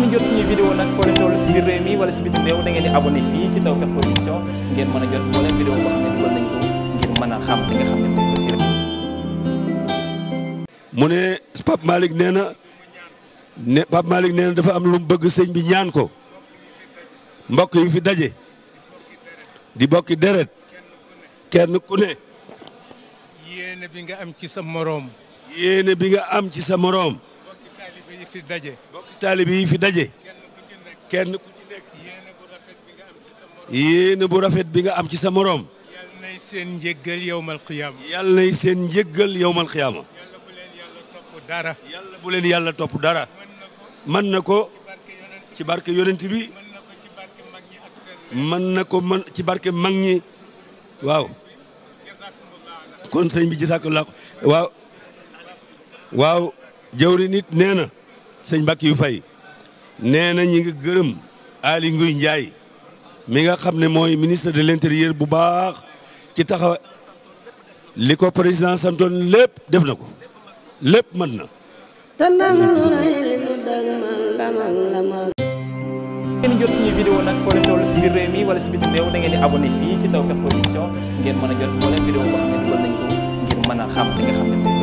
ngeen jot suñu vidéo nag foo ngeen mën a jot a xam ne moom mu ne Pape Malick nee na ne Pape Malick nee dafa am lu bëgg sëñ bi ñaan ko mbokk yi fi daje di bokki deret kenn ku ne. yéene bi nga am ci sa moroom. yéene bi nga am ci sa moroom. taalibe yi fi daje kenn ku ci nekk yéene bu rafet bi nga am ci sa moroom. yal nay seen njëggal yowmal qiyaama. yal nay seen njëggal yowmal qiyaama. yàlla dara. yàlla yàlla topp dara. mën na ko ci barke yonent bi. mën na ko man ci barke mag ñi waaw kon sëñ bi gisaako laa waaw waaw jawri nit nee na sëñ Mbàkke yu fay nee na ñi ngi gërëm Aly nguy njaay mi nga xam ne mooy ministre de l'intérieur bu baax ci taxaw li ko président santoon lépp def na ko lépp man na ngeen jot suñu vidéo a jot moo mën a xam li